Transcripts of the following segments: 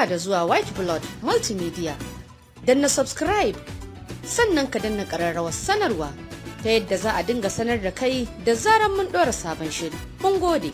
barka da zuwa white blood multimedia danna subscribe sannan ka danna ƙararrawar sanarwa ta yadda za a dinga sanar da kai da zarar mun ɗora sabon shiri mun gode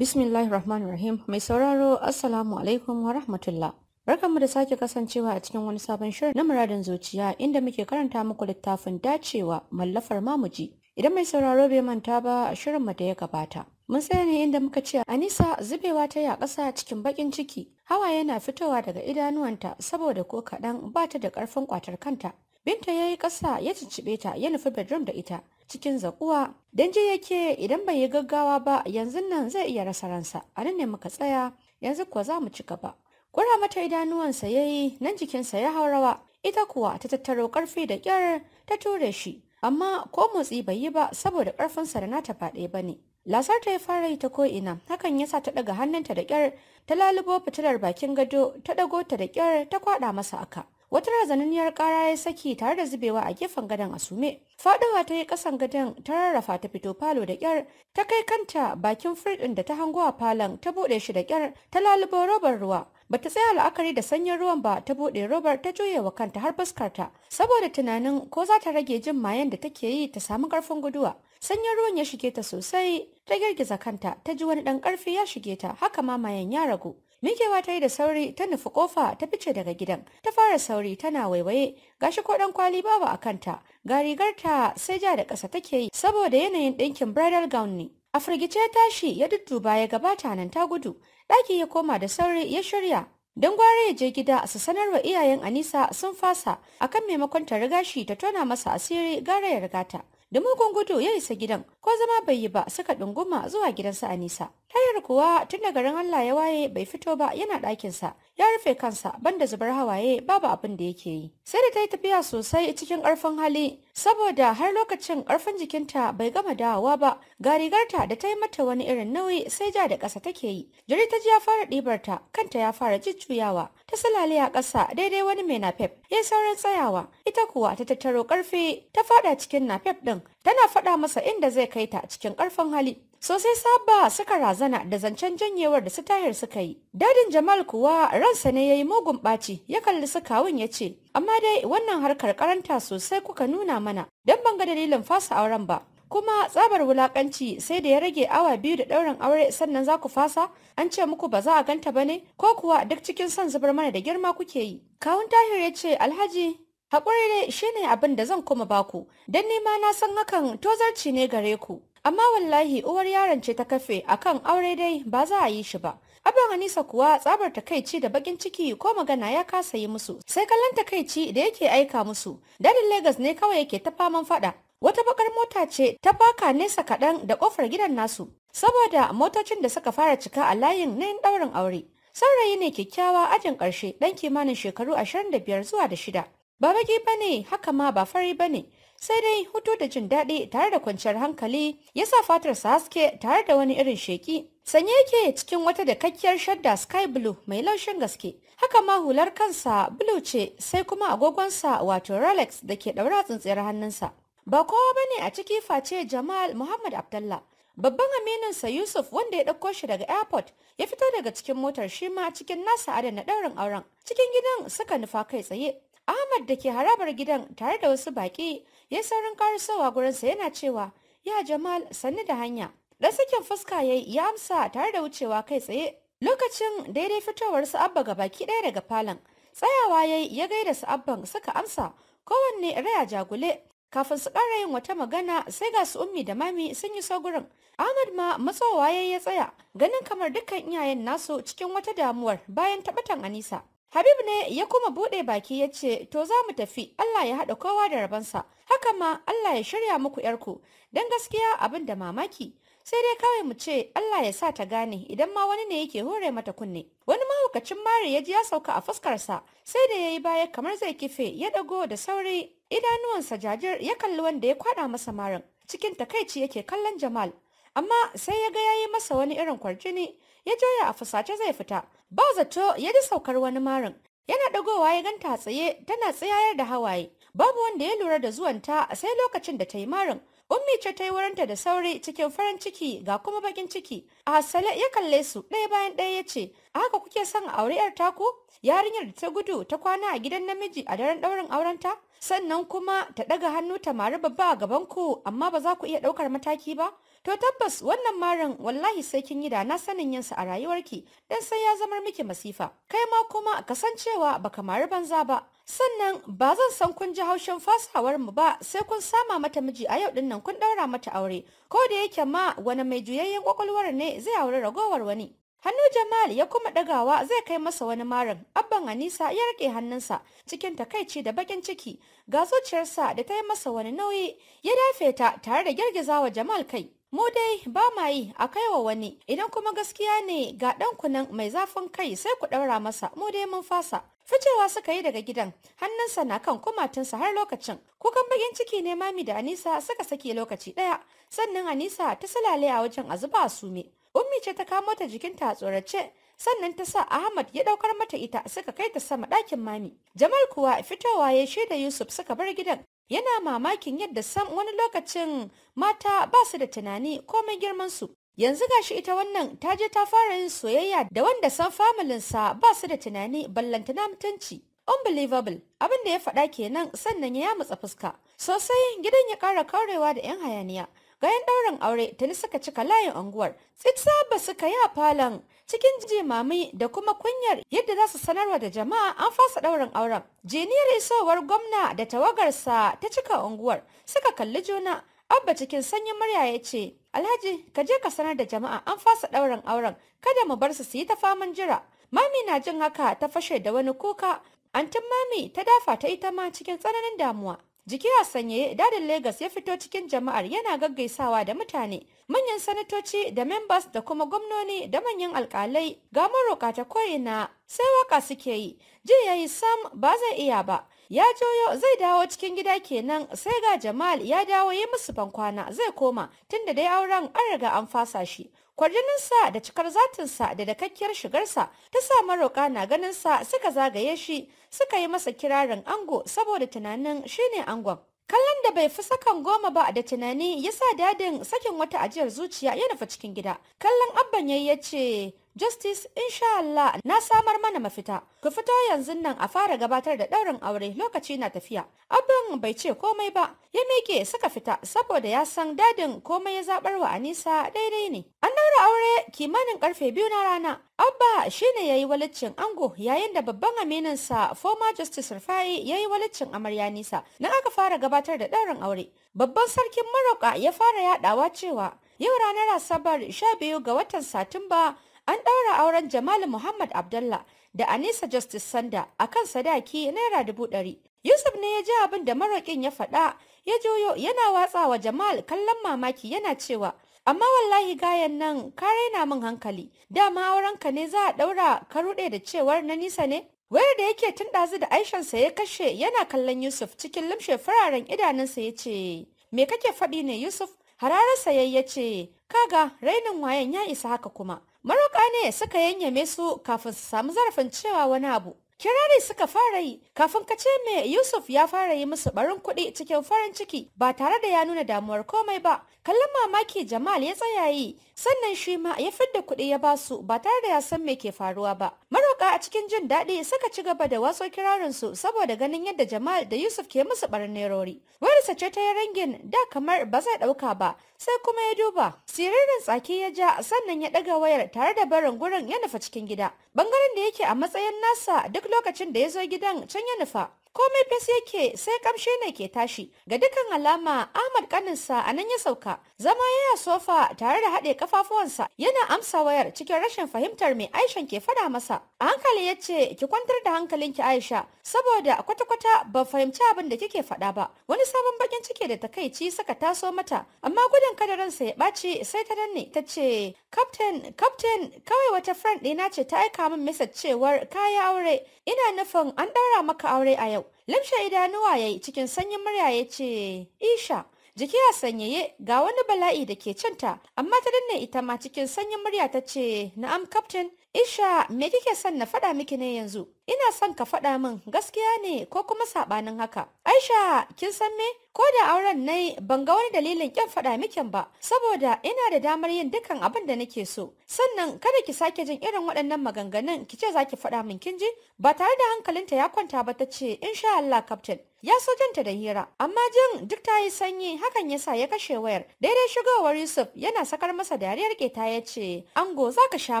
Bismillahir Rahmanir Rahim. Mai sauraro Assalamu alaikum wa rahmatullah. Barkanmu da sake kasancewa a cikin wani sabon shirin na muradin zuciya inda muke karanta muku littafin dacewa mallafar mamuji. Idan mai sauraro bai manta ba a shirin mu da ya gabata. Mun sai ne inda muka ce Anisa zubewa ta ya kasa cikin bakin ciki. hawa yana fitowa daga idanuwanta saboda ko kaɗan ba ta da ƙarfin kwatar kanta. Binta ya yi ƙasa ya cicibe ta ya nufi bedroom da ita. cikin zaƙuwa dan je yake idan bai yi gaggawa ba yanzu nan zai iya rasa ransa a nan ne muka tsaya yanzu kuwa za mu ci gaba kura mata idanuwansa ya yi nan jikinsa ya haurawa ita kuwa ta tattaro karfi da kyar ta ture shi amma ko motsi bai yi ba saboda karfinsa da nata ba ba ne lasar ta ya fara yi ta ko'ina hakan ya sa ta ɗaga hannunta da kyar ta lalubo fitilar bakin gado ta ɗago ta da kyar ta kwaɗa masa aka wata razananniyar kara ya saki tare da zubewa a gefen gadon asume faɗawa ta yi ƙasan gadon ta rarrafa ta fito falo da kyar ta kai kanta bakin firdin da ta hango a falon ta buɗe shi da kyar ta lalubo robar ruwa bata tsaya la'akari da sanyin ruwan ba ta buɗe robar ta juye wa kanta har fuskarta saboda tunanin ko za ta rage jin mayan da take yi ta samu karfin guduwa sanyin ruwan ya shige ta sosai ta girgiza kanta ta ji wani dan karfi ya shige ta haka ma mayan ya ragu Mikewa ta yi da sauri ta nufi kofa ta fice daga gidan. Ta fara sauri tana waiwaye gashi ko dan kwali babu a kanta. Ga rigarta sai ja da ƙasa take yi saboda yanayin ɗinkin bridal gown ne. A firgice tashi ya dudduba ya gabata nan ta gudu. Ɗaki ya koma da sauri ya shirya. Don gwara ya je gida su sanarwa iyayen Anisa sun fasa akan maimakon ta riga shi ta tona masa asiri gare ya riga ta Da mugun gudu ya isa gidan ko zama bai yi ba suka ɗunguma zuwa gidansa Anisa. Tayar kuwa tun da garin Allah ya waye bai fito ba yana ɗakinsa, ya rufe kansa banda zubar hawaye babu abin da yake yi. Sai da ta yi tafiya sosai cikin ƙarfin hali, saboda har lokacin ƙarfin jikinta bai gama dawowa ba, ga rigarta da ta yi mata wani irin nauyi sai ja da ƙasa take yi. Jiri ta ji ya fara ɗibarta, kanta ya fara jujjuyawa, ta sulale a ƙasa daidai wani mai nafef, ya saurin tsayawa, ita kuwa ta tattaro ƙarfi ta faɗa cikin nafef ɗin, tana faɗa masa inda zai kai ta cikin ƙarfin hali. sosai saba suka razana da zancen janyewar da su tayar suka yi dadin jamal kuwa ransa ne ya yi mugun ɓaci ya kalli su kawun ya ce amma dai wannan harkar karanta sosai kuka nuna mana don ban ga dalilin fasa auren ba kuma tsabar wulakanci sai da ya rage awa biyu da ɗaurin aure sannan za ku fasa an ce muku ba za a ganta ba ne ko kuwa duk cikin son zubar mana da girma kuke yi kawun tahir ya ce alhaji haƙuri shi ne abin da zan kuma baku don nima na san hakan tozarci ne gare ku amma wallahi uwar yaron ce ta kafe akan aure dai ba za a yi shi ba abin anisa kuwa tsabar takaici da bakin ciki ko magana ya kasa yi musu sai kallon takaici da yake aika musu dadin Legas ne kawai yake ta faman fada wata bakar mota ce ta faka nesa kaɗan da kofar gidan nasu saboda motocin da suka fara cika a layin na yin ɗaurin aure saurayi ne kyakkyawa ajin ƙarshe ɗan kimanin shekaru ashirin da biyar zuwa da shida ba baki bane haka ma ba fari bane. sai dai hutu da jin daɗi tare da kwanciyar hankali ya sa fatarsa haske tare da wani irin sheki. Sanye yake cikin wata da kakkiyar shadda sky blue mai laushin gaske, haka ma hular kansa blue ce sai kuma agogonsa wato Rolex da ke ɗaura tsintsiyar hannunsa. Ba kowa ba a ciki face Jamal Muhammad Abdallah. Babban amininsa Yusuf wanda ya ɗauko shi daga airport ya fito daga cikin motar shi ma cikin nasa adana ɗaurin auren. Cikin gidan suka nufa kai tsaye. Ahmad da ke harabar gidan tare da wasu baƙi ya saurin karasowa gurinsa yana cewa ya Jamal sannu da hanya. Ɗan sakin fuska ya ya amsa tare da wucewa kai tsaye lokacin daidai fitowar su abba ga baki ɗaya daga falon. Tsayawa ya ya gaida su abban suka amsa kowanne raya jagule kafin su ƙara yin wata magana sai ga su ummi da mami sun yi so gurin. Ahmad ma matsowa ya ya tsaya ganin kamar dukkan iyayen nasu cikin wata damuwar bayan taɓatan nisa. Habib ne ya kuma bude baki ya ce, To za mu tafi, Allah ya haɗa kowa da rabansa, haka ma Allah ya shirya muku ‘yarku, don gaskiya abin da mamaki. Sai dai kawai mu ce Allah ya sa ta gane idan ma wani ne yake hore mata kunne. Wani mahaukacin mari ya ji ya sauka a fuskarsa, sai da ya yi baya kamar zai kife ya ɗago da sauri idanuwansa jajir ya kalli wanda ya kwaɗa masa marin. Cikin takaici yake kallon Jamal, amma sai ya ga ya yi masa wani irin kwarjini ya joya a fusace zai fita Ba zato ya ji saukar wani marin. Yana dagowa ya ganta tsaye tana tsayayar da hawaye. Babu wanda ya lura da zuwanta sai lokacin da ta yi marin. Ummi ce ta yi wurinta da sauri cikin farin ciki ga kuma bakin ciki. A hasale ya kalle su ɗaya bayan ɗaya ya ce, "A haka kuke son aure 'yar taku?" Yarinyar da ta gudu ta kwana a gidan namiji a daren ɗaurin aurenta? sannan kuma ta ɗaga hannu ta mari babba a gaban ku amma ba za ku iya ɗaukar mataki ba? To tabbas wannan marin wallahi sai kin yi da na sanin yinsa a rayuwarki dan sai ya zamar miki masifa. Kai ma kuma kasancewa baka mari banza ba. Sannan ba zan san kun ji haushin fasawar mu ba sai kun sama mata miji a yau din kun ɗaura mata aure. Ko da yake ma wani mai juyayyen kwakwalwar ne zai aure ragowar wani. Hannu Jamal ya kuma ɗagawa zai kai masa wani marin. Abban Anisa ya rike hannunsa cikin takaici da bakin ciki. Ga zuciyarsa da ta yi masa wani nauyi ya dafe ta tare da girgizawa Jamal kai. Mu dai ba ma yi a kai wa wani idan kuma gaskiya ne ga ɗan kunan mai zafin kai sai ku ɗaura masa mu dai mun fasa. Ficewa suka yi daga gidan, hannunsa na kan kumatinsa har lokacin. Kukan bakin ciki ne mami da Anisa suka sake lokaci ɗaya, sannan Anisa ta salale a wajen a zuba a sume. Ummi ce ta kamo ta jikinta a tsorace, sannan ta sa Ahmad ya daukar mata ita suka kai ta sama ɗakin mami. Jamal kuwa fitowa ya shaida Yusuf suka bar gidan. Yana mamakin yadda sam wani lokacin mata ba su da tunani komai girman su. Yanzu gashi ita wannan ta je ta fara yin soyayya da wanda san familinsa ba su da tunani ballantana mutunci. Unbelievable abin da ya faɗa kenan sannan ya matsa fuska. Sosai gidan ya ƙara kaurewa da 'yan hayaniya. Gayan ɗaurin aure tuni suka cika layin unguwar. Tsitsaba suka yi a falon cikin jimami da kuma kunyar yadda za su sanarwa da jama'a an fasa ɗaurin auren. Jiniyar isowar gwamna da tawagarsa ta cika unguwar suka kalli juna. Abba cikin sanyin murya ya ce, Alhaji, ka je ka sanar da jama'a an fasa ɗaurin auren, kada mu bar su su yi ta faman jira. Mami na jin haka ta fashe da wani kuka, antin mami ta dafa ta ita ma cikin tsananin damuwa. Jiki a sanyaye dadin Legas ya fito cikin jama'ar yana gaggaisawa da mutane, manyan sanatoci da membas da kuma gwamnoni da manyan alkalai ga maroka ta ko'ina sai waka suke yi, jin ya sam ba zai iya ba. Ya joyo zai dawo cikin gida kenan sai ga Jamal ya dawo yi musu bankwana zai koma tunda dai auren an riga an fasa shi. kwarjininsa da cikar zatinsa da dakakkiyar shigarsa ta sa maroƙa na ganinsa suka zagaye shi suka yi masa kirarin ango saboda tunanin shine angon kallon da bai fi sakan goma ba da tunani ya sa dadin sakin wata ajiyar zuciya ya nufa cikin gida kallon abban yayi ya ce Justice, insha Allah, na samar mana mafita. Ku fito yanzu nan a fara gabatar da ɗaurin aure lokaci na tafiya. Abin bai ce komai ba, ya miƙe suka fita saboda ya san dadin komai ya zaɓar wa Anisa daidai ne. An ɗaura aure kimanin karfe biyu na rana. Abba shine ya yi walaccin ango yayin da babban sa former Justice Rufai ya yi walaccin amarya nisa. Na aka fara gabatar da ɗaurin aure. Babban sarkin Maroka ya fara yaɗawa cewa yau ranar Asabar 12 ga watan Satumba an ɗaura auren Jamal Muhammad Abdullah da Anisa Justice Sanda a kan sadaki naira dubu ɗari. Yusuf ne ya ji abin da maroƙin ya faɗa ya juyo yana watsawa Jamal kallon mamaki yana cewa amma wallahi gayan nan ka raina min hankali dama auren ka ne za a ɗaura ka ruɗe da cewar na nisa ne wayar da yake tun ɗazu da aishansa ya kashe yana kallon Yusuf cikin limshe fararen idanunsa ya ce me kake faɗi ne Yusuf hararsa sayayya ce kaga rainin wayan ya isa haka kuma maroƙa ne suka yanyame su kafin su samu zarafin cewa wani abu kirari suka fara yi kafin ka ce me yusuf ya fara yi musu barin kuɗi cikin farin ciki ba tare da ya nuna damuwar komai ba kallon mamaki jamal ya tsaya yi sannan shi ma ya fidda kuɗi ya basu ba tare da ya san me ke faruwa ba maroƙa a cikin jin daɗi suka ci gaba da waso kirarin su saboda ganin yadda Jamal da Yusuf ke musu barnerori wayarsa ce ta yi rangin da kamar ba zai ɗauka ba sai kuma ya duba siririn tsaki ya ja sannan ya ɗaga wayar tare da barin gurin ya nufa cikin gida bangaren da yake a matsayin nasa duk lokacin da ya zo gidan can ya nufa komai fes yake sai kamshe ne ke tashi ga dukkan alama ahmad kaninsa a nan ya sauka zama ya sofa tare da haɗe kafafuwansa yana amsa wayar cikin rashin fahimtar mai aishan ke faɗa masa a hankali ya ce ki kwantar da hankalinki aisha saboda kwata-kwata ba fahimci abin da kike faɗa ba wani sabon bakin ciki da takaici suka taso mata amma gudun kada ransa ya ɓaci sai ta danne ta ce captain captain kawai wata friend ɗina ce ta aika min message cewar kayi aure ina nufin an ɗaura maka aure a yau Lamshe idanuwa ya yi cikin sanyin murya ya ce, Isha, jiki ya sanyaye ga wani bala'i da ke canta, amma ta danne ita ma cikin sanyin murya ta ce, Na'am, Captain, Isha me kike son na faɗa miki ne yanzu? Ina son ka faɗa min gaskiya ne ko kuma saɓanin haka. Aisha kin san me? Ko da auren nai ban ga wani dalilin kyan faɗa mikin ba saboda ina da damar yin dukkan abin da nake so. Sannan kada ki sake jin irin waɗannan maganganun ki ce zaki faɗa min kin ji? Ba tare da hankalinta ya kwanta ba ta ce insha Allah captain. ya so janta da hira amma jin duk ta yi sanyi hakan ya sa ya kashe wayar daidai shigowar yusuf yana sakar masa dariyar keta ya ce ango za ka sha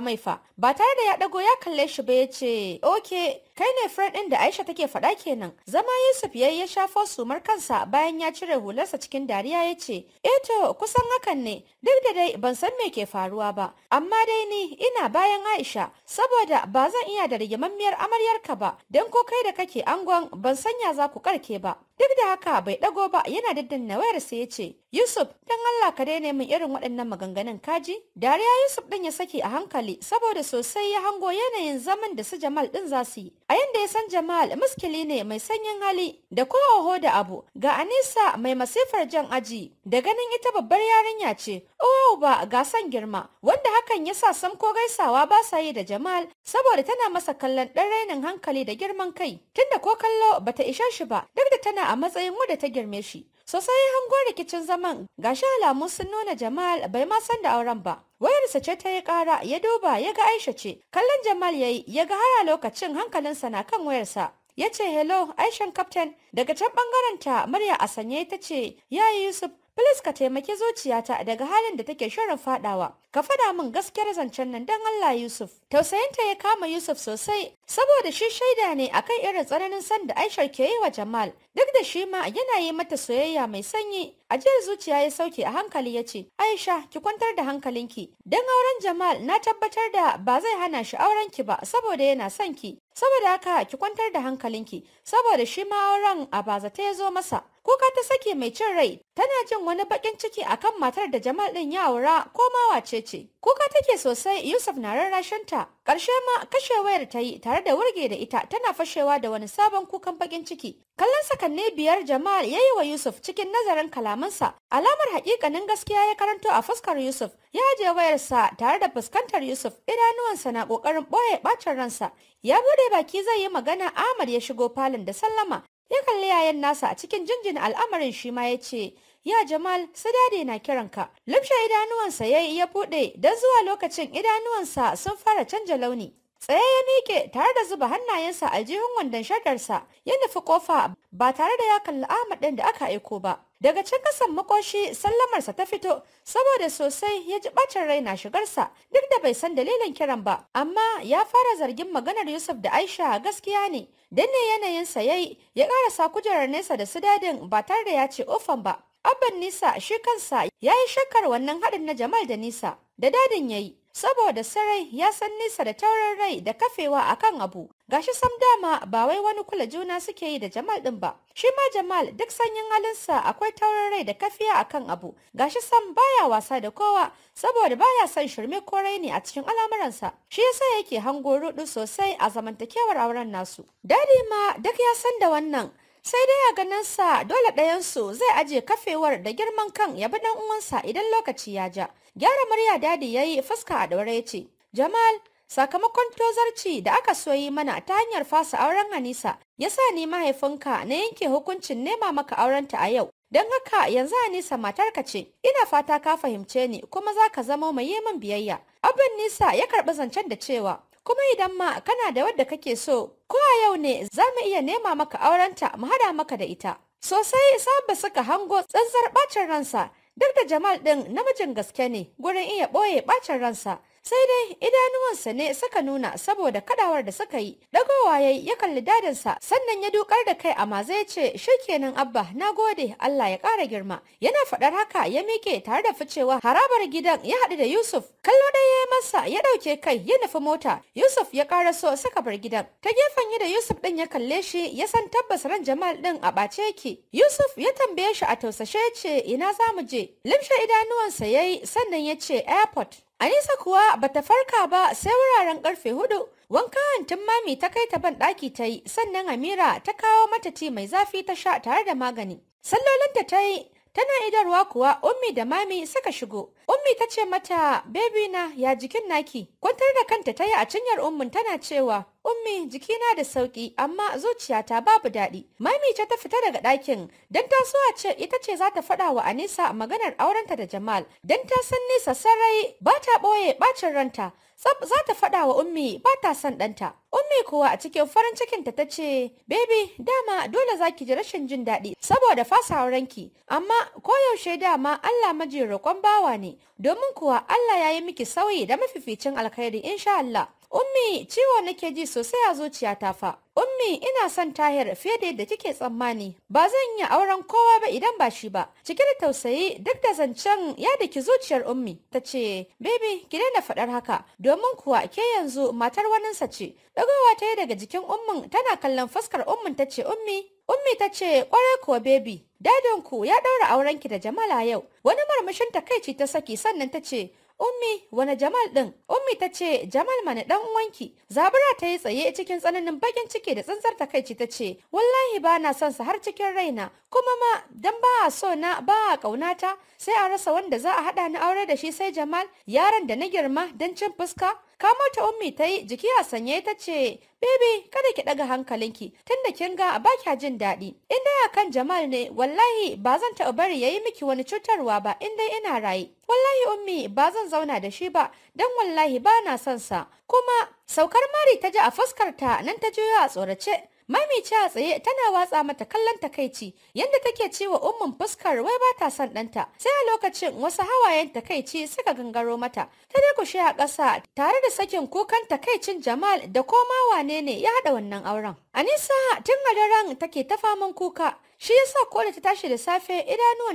mai fa ba tare da ya ɗago ya kalle shi ba ya ce, "Oke, Kai ne Fred ɗin da Aisha take faɗa kenan. Zama Yusuf yayi ya shafo sumar kansa bayan ya cire hularsa cikin dariya ya ce, "Eh to, kusan hakan ne, duk da dai ban san me ke faruwa ba, amma dai ni ina bayan Aisha, saboda ba zan iya da rigimammiyar amaryarka ba, don ko kai da kake angon ban sanya za ku karke ba." Duk da haka bai ɗago ba yana daddanna wayar sa ya ce, Yusuf, dan Allah ka daina min irin waɗannan maganganun kaji? Dariya Yusuf ɗin ya saki a hankali saboda sosai ya hango yanayin zaman da su Jamal ɗin za su yi. a yanda ya san Jamal muskili ne mai sanyin hali da kowaho da abu ga Anisa mai masifar jan aji da ganin ita babbar yarinya ce oh ba ga san girma wanda hakan ya sa sam ko gaisawa ba sa yi da Jamal saboda tana masa kallon ɗan rainin hankali da girman kai tunda ko kallo bata ishe shi ba duk da tana a matsayin wadda ta girme shi sosai hangon rikicin zaman gashi alamun sun nuna jamal bai ma san da auren ba wayarsa ce ta yi kara ya duba ya ga aisha ce kallon jamal ya yi ya ga haya lokacin hankalinsa na kan wayarsa ya ce hello aishan captain daga can bangaren ta murya a sanye ta ce yayi yusuf filis ka taimake zuciyata daga halin da take shirin fadawa. Ka fada min gaskiyar zancen nan dan Allah Yusuf. Tausayinta ya kama Yusuf sosai saboda shi shaida ne akan irin tsananin san da Aisha ke yi wa Jamal. Duk da shi ma yana yi mata soyayya mai sanyi. A jiya zuciya ya sauke a hankali ya ce, Aisha ki kwantar da hankalinki. dan auren Jamal na tabbatar da ba zai hana shi auren ki ba saboda yana son ki. Saboda haka ki kwantar da hankalinki saboda shi ma auren a bazata ya zo masa. kuka ta sake mai cin rai tana jin wani bakin ciki akan matar da Jamal din ya aura ko ma wace ce kuka take sosai Yusuf na rarrashin ta karshe ma kashe wayar ta yi tare da wurge da ita tana fashewa da wani sabon kukan bakin ciki kallon sakanne biyar Jamal yayi wa Yusuf cikin nazarin kalamansa alamar hakikanin gaskiya ya karanto a fuskar Yusuf ya je wayarsa tare da fuskantar Yusuf idanuwansa na kokarin boye bacin ransa ya bude baki zai yi magana Ahmad ya shigo palin da sallama ya kalli yayan nasa a cikin jinjin al'amarin shi ma ya ce ya jamal sadade na kiranka lumshe idanuwansa ya ya buɗe don zuwa lokacin idanuwansa sun fara canja launi tsaye ya miƙe tare da zuba hannayensa aljihun wandon shadarsa ya nufi kofa ba tare da ya kalli ahmad ɗin da aka aiko ba daga can kasan makoshi sallamarsa ta fito saboda sosai ya ji bacin rai na shigarsa duk da bai san dalilin kiran ba amma ya fara zargin maganar yusuf da aisha gaskiya ne dan ne yanayinsa yayi ya karasa kujerar nesa da su dadin ba tare da ya ce ofan ba abban nisa shi kansa ya yi shakkar wannan haɗin na jamal da nisa da dadin ya yi saboda sarai ya san nisa da taurin rai da kafewa a kan abu gashi sam dama ba wai wani kula juna suke yi da Jamal din ba shi ma Jamal duk sanyin halinsa akwai taurin rai da kafiya a kan abu gashi sam baya wasa da kowa saboda baya son shirme ko ne a cikin al'amuransa shi yasa yake hango rudu sosai a zamantakewar auren nasu dadi ma duk ya san da wannan sai dai a ganinsa dole ɗayansu zai aje kafewar da girman kan ya bi ɗan uwansa idan lokaci ya ja gyara murya dadi ya yi fuska a ɗaure ce jamal sakamakon tozarci da aka so yi mana ta hanyar fasa auren Anisa. ya sa ni mahaifinka na yanke hukuncin nema maka aurenta a yau don haka yanzu hanisa matarka ce ina fata ka fahimce ni kuma za ka zama mai yi min biyayya abin nisa ya karɓi zancen da cewa kuma idan ma kana da wadda kake so ko a yau ne za mu iya nema maka aurenta mu hada maka da ita sosai saba suka hango tsantsar bacin ransa duk da jamal din namijin gaske ne gurin iya ɓoye bacin ransa sai dai idanuwansa ne suka nuna saboda kadawar da suka yi dagowa yayi ya kalli dadinsa sannan ya dukar da kai amma zai ce shikenan abba na gode Allah ya kara girma yana fadar haka ya mike tare da ficewa harabar gidan ya haɗu da Yusuf kallo da ya masa ya dauke kai ya nufi mota Yusuf ya kara so saka bar gidan ta gefen da Yusuf din ya kalle shi ya san tabbas ran Jamal din a bace yake Yusuf ya tambaye shi a tausashe ce ina zamu je limshe idanuwansa yayi sannan ya ce airport Anisa kuwa bata farka ba sai wuraren karfe hudu. Wanka hantin mami ta kai ta ban ɗaki ta yi sannan Amira ta kawo mata ci mai zafi ta sha tare da magani. Sallolinta ta yi tana idarwa kuwa ummi da mami suka shigo. Ummi ta ce mata bebi na ya jikin naki. Kwantar da kanta ta yi a cinyar ummin tana cewa Ummi jiki na da sauki amma zuciyata babu daɗi. Mami ce ta fita daga ɗakin don ta so ce ita ce za ta faɗa wa Anisa maganar aurenta da Jamal don ta san Nisa sarai ba ta ɓoye ɓacin ranta. Tsab za ta faɗa wa Ummi ba ta son ɗanta. Ummi kuwa a cikin farin cikinta ta ce, Baby, dama dole za ki ji rashin jin daɗi saboda fasa aurenki. amma koyaushe dama Allah maji roƙon bawa ne, domin kuwa Allah ya yi miki sauyi da mafificin alkhairi insha Allah. Ummi ciwo nake ji sosai a ta fa. Ummi ina son tahir fiye da yadda kike tsammani. Ba zan yi auren kowa ba idan ba shi ba. Cike da tausayi duk da zancen ya daki zuciyar Ummi. Ta ce, "Baby, ki daina faɗar haka, domin kuwa ke yanzu matar waninsa ce." Dagowa ta yi daga jikin Ummin tana kallon fuskar Ummin ta ce, "Ummi, Ummi ta ce, "Kwarai kuwa baby, dadinku ya ɗaura aurenki da Jamala yau." Wani marmashin takaici ta saki sannan ta ce, Ummi wani Jamal din? Ummi ta ce Jamal mana dan wanki. Zabura ta yi tsaye cikin tsananin bakin ciki da tsantsar takaici ta ce wallahi ba na son sa har cikin raina kuma ma dan ba a so na ba a kaunata sai a rasa wanda za a haɗa ni aure da shi sai Jamal yaron da na girma dan cin fuska. Kamar ta ummi ta yi jiki a sanye ta ce Baby, kada ki daga hankalinki, tunda kin ga ba kya jin daɗi. In dai akan Jamal ne, wallahi ba zan taɓa bari yayi miki wani cutarwa ba in dai ina raye. wallahi ummi ba zan zauna da shi ba dan wallahi ba na son sa kuma saukar mari ta ji a fuskar ta nan ta juyo a tsorace Mami ce a tsaye tana watsa mata kallon takaici yadda take cewa ummin fuskar wai ba ta son danta. sai a lokacin wasu hawayen takaici suka gangaro mata ta durkushe a ƙasa tare da sakin kukan takaicin Jamal da koma wane ne ya haɗa wannan auren. Anisa tun a daren take ta faman kuka Shi yasa Kola ta tashi da safe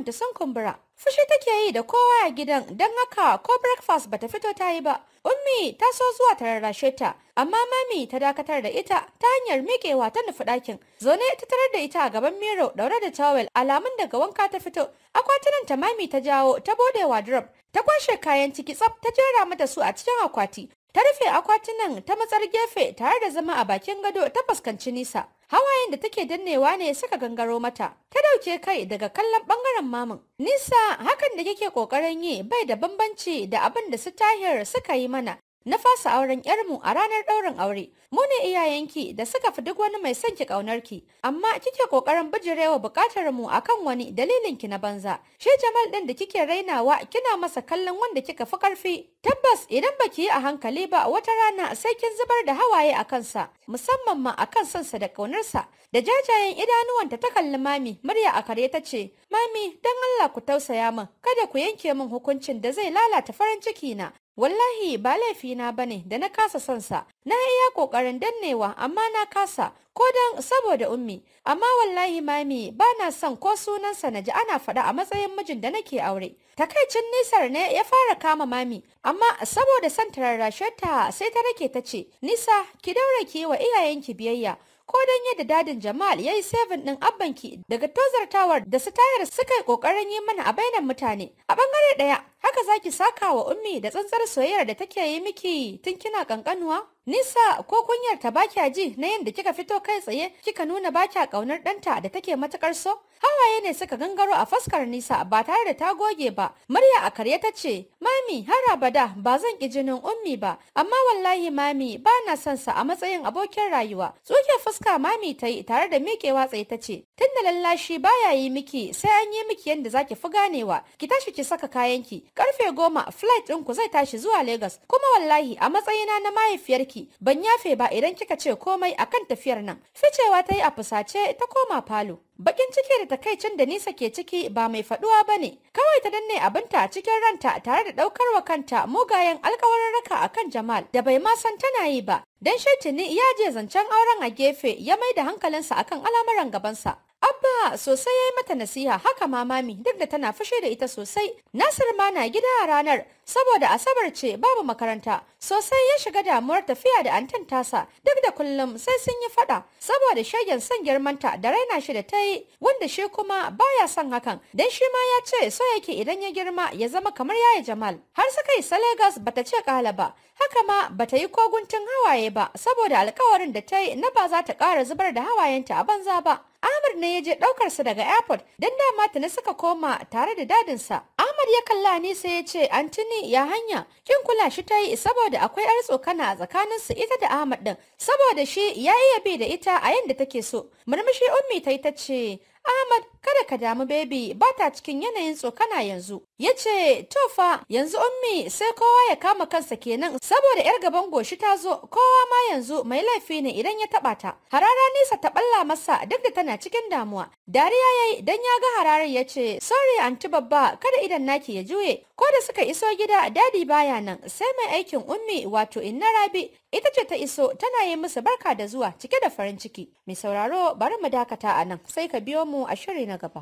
ta sun kumbura. Fushi take yi da kowa a gidan don haka ko breakfast bata fito ta yi ba. Ummi ta so zuwa ta rarrashe ta, amma mami ta dakatar da ita ta hanyar miƙewa ta nufi ɗakin. Zone ta tarar da ita a gaban miro daure da towel alamun daga wanka ta fito. Akwatunan ta mami ta jawo ta bude wardrobe. Ta kwashe kayan ciki tsaf ta jera mata su a cikin akwati. Ta rufe akwatunan ta matsar gefe tare da zama a bakin gado ta fuskanci nisa. hawayen da take dannewa ne suka gangaro mata ta dauke kai daga kallon bangaren mamin nisa hakan da kike kokarin yi bai da bambanci da abin da su tahir suka yi mana na fasa auren yarmu a ranar ɗaurin aure mu ne iyayenki da suka fi duk wani mai son ki ƙaunar ki amma kike ƙoƙarin bijirewa bukatar mu akan wani dalilin ki na banza shi Jamal ɗin da kike rainawa kina masa kallon wanda kika fi karfi tabbas idan baki yi a hankali ba wata rana sai kin zubar da hawaye a kansa musamman ma akan sansa da ƙaunarsa da jajayen idanuwanta ta kalli mami murya a kare ta ce mami dan Allah ku tausaya min kada ku yanke min hukuncin da zai lalata farin ciki na wallahi ba laifina ba ne da na kasa son na iya kokarin dannewa amma na kasa ko dan saboda ummi amma wallahi mami ba na son ko sunansa na ji ana faɗa a matsayin mijin da nake aure takaicin nisar ne ya fara kama mami amma saboda son tararrashe ta sai ta rake ta ce nisa ki daure ki yi wa iyayenki biyayya ko dan yadda dadin Jamal yayi seven ɗin abbanki daga tozartawar da su tayar suka yi ƙoƙarin yi mana a bainar mutane. A ɓangare ɗaya, haka zaki saka wa ummi da tsantsar soyayyar da take yi miki tun kina kankanuwa? Nisa ko kunyar ta bakya ji na yadda kika fito kai tsaye kika nuna bakya kaunar danta da take matukar so? Hawaye ne suka gangaro a fuskar Nisa ba tare da ta goge ba. Murya a karye ta ce, "Mami, har abada ba zan ki jinin ummi ba, amma wallahi mami ba na son sa a matsayin abokin rayuwa." tsoke fuska mami ta yi tare da miƙewa tsaye ta ce, "Tunda lallashi baya yi miki sai an yi miki yadda zaki fi ganewa. Ki tashi ki saka kayanki. Karfe goma flight ɗinku zai tashi zuwa Lagos kuma wallahi a matsayina na mahaifiyarki ban yafe ba idan kika ce komai akan tafiyar nan ficewa ta yi a fusace ta koma falo Bakin ciki da takaicin da Nisa ke ciki ba mai faduwa ba ne, kawai ta danne abinta a cikin ranta tare da ɗaukar wa kanta mugayen alkawararraka a kan Jamal da bai ma san tana yi ba. Dan shaitini ya je zancen auren a gefe ya mai da hankalinsa a kan al'amuran gabansa. Abba sosai ya yi mata nasiha haka ma mami duk da tana fushi da ita sosai. Nasir ma na gida a ranar saboda asabar ce babu makaranta. Sosai ya shiga damuwar tafiya da antan tasa duk da kullum sai sun yi fada saboda shagen son girmanta da raina shi da ta yi yayi wanda shi kuma baya son hakan dan shi ma ya ce so yake idan ya girma ya zama kamar yaya Jamal har suka yi Salegas bata ce kala ba haka ma ba ta yi koguntun hawaye ba saboda alkawarin da ta yi na ba za ta ƙara zubar da hawayenta a banza ba. Ahmad ne ya je ɗaukarsa daga airport don dama ta na suka koma tare da dadinsa. Ahmad ya kalla ni sai ya ce Antini ya hanya kin kula shi ta yi saboda akwai yar tsokana a tsakanin su ita da Ahmad din saboda shi ya iya bi da ita a yanda take so. Murmushi ummi ta yi ta ce Ahmad kada ka damu baby ba ta cikin yanayin tsokana yanzu ya ce to fa yanzu ummi sai kowa ya kama kansa kenan saboda yar gaban goshi ta zo kowa ma yanzu mai laifi ne idan ya taba ta harara nisa ta balla masa duk da tana cikin damuwa dariya yayi dan ya ga hararar ya ce sorry anti babba kada idan naki ya juye ko da suka iso gida dadi baya nan sai mai aikin ummi wato inna rabi ita ce ta iso tana yi musu barka da zuwa cike da farin ciki mai sauraro bari mu dakata a nan sai ka biyo mu a shiri na gaba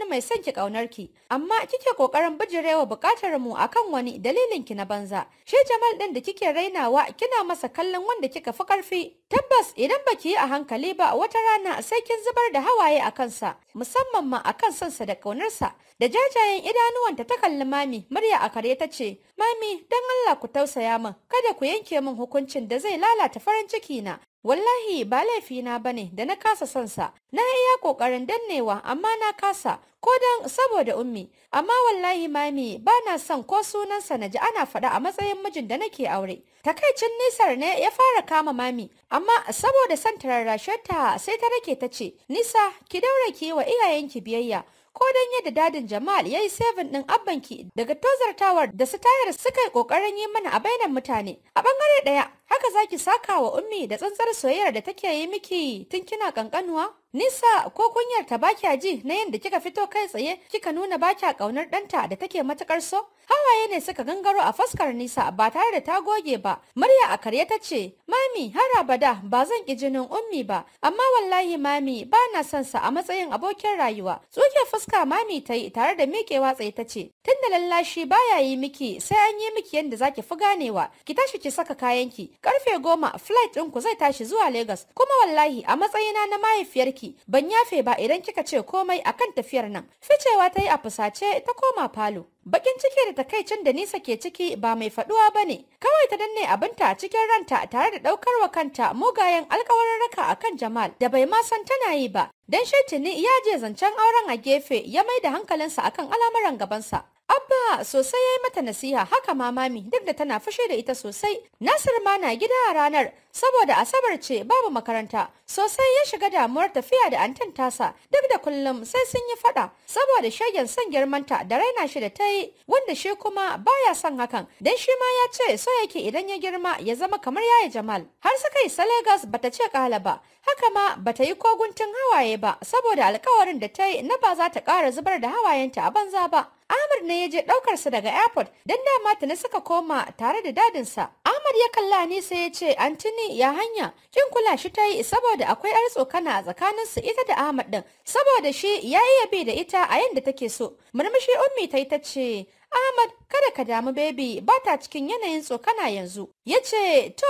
wani mai son ki kaunar ki amma kike kokarin bijirewa bukatar mu akan wani dalilin ki na banza shi Jamal din da kike rainawa kina masa kallon wanda kika fi karfi tabbas idan baki yi a hankali ba wata rana sai kin zubar da hawaye a kansa musamman ma a kan sansa da kaunarsa da jajayen idanuwanta ta kalli mami murya a kare ta ce mami dan Allah ku tausaya min kada ku yanke min hukuncin da zai lalata farin ciki na Wallahi ba laifina ba ne da na kasa son na iya kokarin dannewa amma na kasa, ko don saboda ummi, amma wallahi mami ba na son ko sunansa na ji ana faɗa a matsayin mijin da nake aure. Takaicin nisar ne ya fara kama mami, amma saboda son tararrashenta sai ta rake ta ce, Nisa, ki daure ki wa iyayenki biyayya, ko don yadda dadin Jamal ya yi sevin ɗin abbanki daga tozartawar da su tayar suka yi ƙoƙarin yi mana a bainar mutane. A ɓangare ɗaya, haka zaki saka wa ummi da tsantsar soyayyar da take yi miki tun kina kankanuwa Nisa ko kunyar ta bakya ji na yadda kika fito kai tsaye kika nuna bakya kaunar ɗanta da take matukar so? Hawaye ne suka gangaro a fuskar Nisa ba tare da ta goge ba. Murya a karye ta ce, "Mami, har abada ba zan ki jinin ummi ba, amma wallahi mami ba na son sa a matsayin abokin rayuwa." Tsoke fuska mami ta yi tare da miƙewa tsaye ta ce, "Tunda lallashi ba ya yi miki sai an yi miki yadda zaki fi ganewa. Ki tashi ki saka kayanki. Karfe goma flight ɗinku zai tashi zuwa Legas. Kuma wallahi a matsayina na mahaifiyarki aiki ban yafe ba idan kika ce komai akan tafiyar nan ficewa ta yi a fusace ta koma falo bakin ciki da takaicin da nisa ke ciki ba mai faduwa ba ne kawai ta danne abinta a cikin ranta tare da daukar wa kanta mugayen alkawarin a kan jamal da bai ma san tana yi ba dan shaitini ya je zancen auren a gefe ya mai da hankalinsa akan al'amuran gabansa Abba sosai ya yi mata nasiha haka ma mami duk da tana fashe da ita sosai. Nasir ma na gida a ranar saboda asabar ce babu makaranta sosai ya shiga damuwar tafiya da antan tasa duk da kullum sai sun yi fada saboda shagen son girmanta da raina shi da ta yi wanda shi kuma baya son hakan dan shi ma ya ce so yake idan ya girma ya zama kamar yaya Jamal. Har suka yi Salegas bata ce kala ba haka ma bata yi koguntun hawaye ba saboda alkawarin da ta yi na ba za ta ƙara zubar da hawayenta a banza ba. Ahmad ne ya je ɗaukarsa daga airport don dama na suka koma tare da dadinsa. Ahmad ya kalla ni sai ya ce Antini ya hanya kin kula shi ta yi saboda akwai yar tsokana a tsakanin su ita da Ahmad din saboda shi ya iya bi da ita a yanda take so. Murmushi ummi ta yi ta ce Ahmad kada ka damu baby ba ta cikin yanayin tsokana yanzu. Ya ce to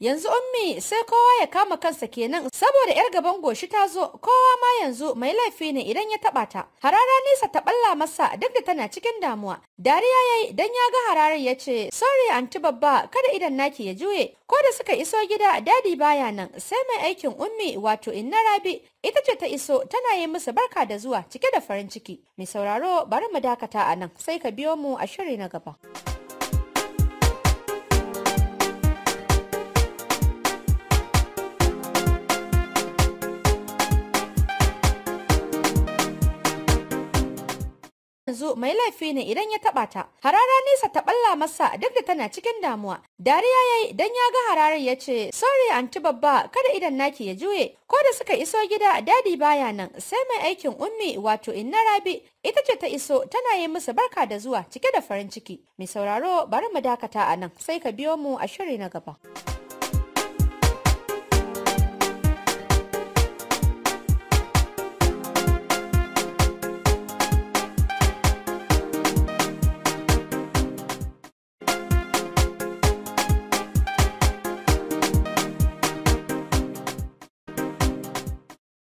yanzu ummi sai kowa ya kama kansa kenan saboda yar gaban goshi ta zo kowa ma yanzu mai laifi ne idan ya taba ta. Harara nisa ta balla masa duk da tana cikin damuwa. Dariya yayi dan ya ga hararar ya ce sorry anti babba kada idan naki ya juye. Ko da suka iso gida dadi baya nan sai mai aikin ummi wato inna rabi ita ce ta iso tana yi musu barka da zuwa cike da farin ciki. Mai sauraro bari mu dakata a nan sai ka biyo mu a shiri na gaba. yanzu mai laifi ne idan ya taɓa ta harara nisa ta ɓalla masa duk da tana cikin damuwa dariya ya yi don ya ga hararar ya ce sorry anti babba kada idan naki ya juye ko da suka iso gida dadi baya nan sai mai aikin ummi wato inna rabi ita ce ta iso tana yi musu barka da zuwa cike da farin ciki mai sauraro bari mu dakata a nan sai ka biyo mu a shiri na gaba.